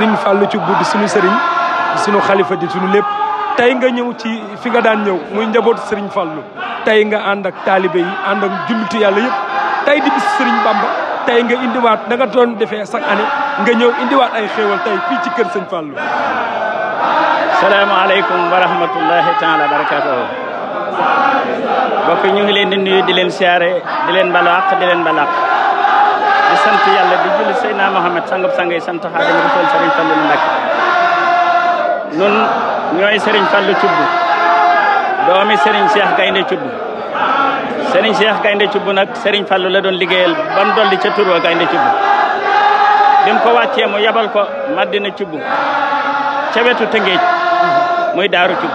Serigne Fallou ci guddi suñu sëriñ suñu xalifa di suñu lépp tey nga ñëw ci fi nga daan ñëw muy njaboot Serigne Fallou tey nga ànd ak taalibe yi ànd ak jullitu yàlla yëpp tey di bis Serigne Bamba tey nga indiwaat da nga doon defee chaque année nga ñëw indiwaat ay xéewal tey fii ci kër Sëñ Fallou salaamaaleykum wa rahmatullahi taala wa barakatuhu ñu ngi leen di nuyu di leen siyaare di leen balaax di leen balaax di sant yàlla di julli Seydina Mohamed sangub sang yi sant Xaadimu Rasuul Serigne Fallou Mbacké nun ñooy Serigne Fallou Thioub doomi Serigne Cheikh Gaynde Thioub Serigne Cheikh Gaynde Thioub nag Serigne Fallou la doon liggéeyal ba mu dolli ca tur wa Gaynde Thioub bi ko wàccee mu yabal ko Madina Thioub ca wetu Tëngéej muy Daaru Thioub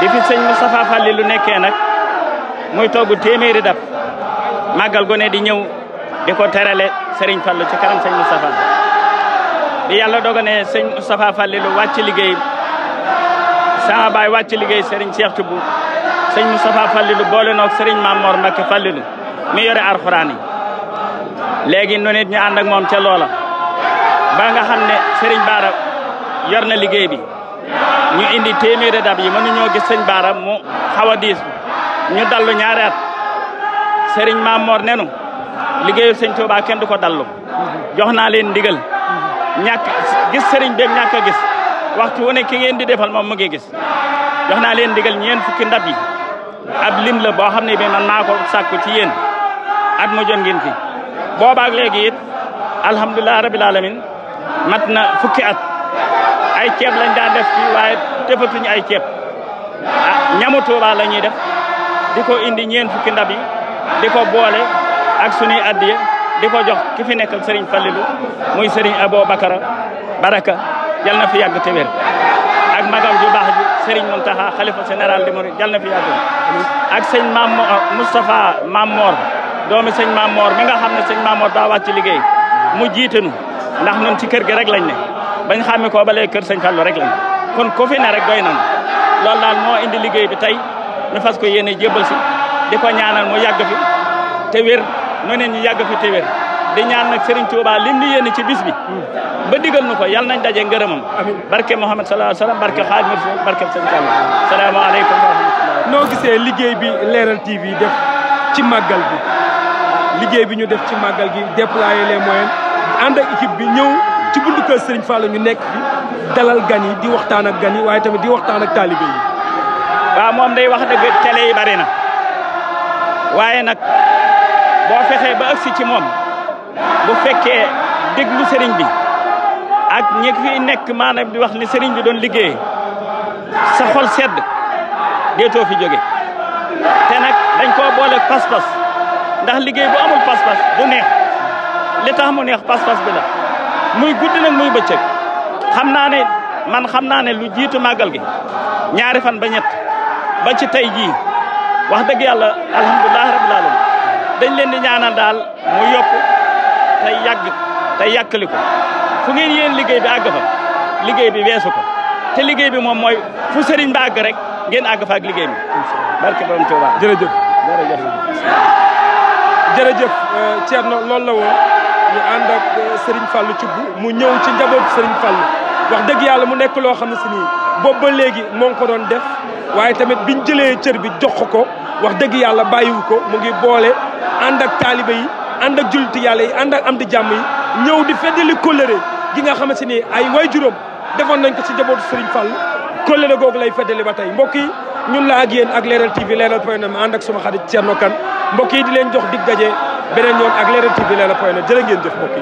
di fi sëñ Moustapha Fallilu nekkee nag muy togg téeméeri dab màggal gone di ñëw di ko terale sëriñ Fallu ci kanam sëñ Moustapha bi yàlla doga ne sëñ Moustapha Fallilu wàcc liggéey sama baay wàcc liggéey sëriñ Cheikh Thioub sëñ Moustapha Fallilu boole noog sëriñ Mamor Mbacké Fallilu mi yore alxuraan yi léegi nu nit ñu ànd moom ca loola ba nga xam ne sëriñ Baara yor na liggéey bi ñu indi téeméeri dab yi mënuñoo gis sëñ Baara mu xaw ñu dallu ñaari at sëriñ Mamor nenu liggéeyu sëñ Tuubaa kenn du ko dallu jox naa leen ndigal ñàkk gis sëriñ beeg ñàkk a gis waxtu wu ne ki ngeen di defal moom mu ngi gis jox naa leen ndigal ñeen fukki ndab yi ab lim la boo xam ne bi man maa ko sàkku ci yéen at mu jon ngeen fi boobaak léegi it alhamdulilah rabil alamin mat na fukki at ay ceeb lañ daan def fii waaye defatuñu ay ceeb ah ñamu Tuubaa la ñuy def di ko indi ñeen fukki ndab yi di ko boole ak sunuy addiya di ko jox ki fi nekkal Serigne Fallilou muy Serigne Abo Bakara Baraka yal na fi yàgg te wér ak magam ju baax ji Serigne Mountakha xalifa général di Mouride yal na fi yàgg ak sëñ Mam ah, Moustapha Mamor doomi sëñ Mamor mi nga xam na sëñ Mamor daa wàcc ci liggéey mu jiitanu ndax ñun ci kër gi rek lañ ne bañ xàmme koo ba léegi kër sëñ Fallou rek lañ kon ku fi ne rek doy nan loolu daal moo indi liggéey bi tey ñu fas ko yéene jébbal si di ko ña mu yàgg nu ñu yàgg fi téwér di ñaan nag Serigne Touba lim li yéene ci bis bi ba digal nu ko yal nañ daje ngërëmam barke Muhammad sallallahu alayhi wasallam barke Xaadimu Rasuul barke Sëñ Fallu salaamaaleykum noo gisee liggéey bi Leral TV def ci màggal bi liggéey bi ñu def ci màggal gi déployer les moyens ànd ak équipe bi ñëw ci buntu kër Serigne ñu nekk dalal gan yi di waxtaan ak gan yi waaye tamit di waxtaan ak taalibe yi waaw moom day wax dëgg télé yi bari na waaye nag boo fexee ba agsi ci moom bu fekkee déglu sëriñ bi ak ñi fi nekk maanaam di wax li sëriñ bi doon liggéey sa xol sedd deetoo fi jóge te nag dañ koo boole pas-pas ndax liggéey bu amul pas-pas li tax mu neex pas-pas bi la muy guddi nag muy bëccëg xam naa ne man xam naa ne lu jiit màggal gi ñaari fan ba ñett ba ci tey jii wax dëgg yàlla alhamdulilah rabbil alamin dañ leen di ñaanal daal mu yokk tey yàgg tey yàkkali ko fu ngeen yeen liggéey bi àgg fa liggéey bi weesu te liggéey bi moom mooy fu sëriñ ba rek ngeen àgg fa ak liggéey bi barke borom Tuuba jërëjëf jërëjëf jërëjëf euh, Thierno loolu la woon ñu ànd ak euh, Serigne Fallou Thioub mu ñëw ci njaboot Serigne Fallou wax dëgg yàlla mu nekk loo xam ne si nii boobu ba léegi moo ko doon def waaye tamit biñ jëlee cër bi jox ko wax dëgg yàlla bàyyiwu ko mu ngi boole ànd ak taalibe yi ànd ak julliti yàlla yi ànd ak am di jàmm yi ñëw di feddali kóllëre gi nga xamante ni ay way juróom defoon nañ ko si njabootu Serigne Fall kóllëre googu lay feddali ba tey mbokk yi ñun la ak yéen ak Leral TV Leral point net ànd ak suma xarit Thierno Kane mbokk yi di leen jox di daje beneen yoon ak Leral TV Leral point net jërë ngeen jëf mbokk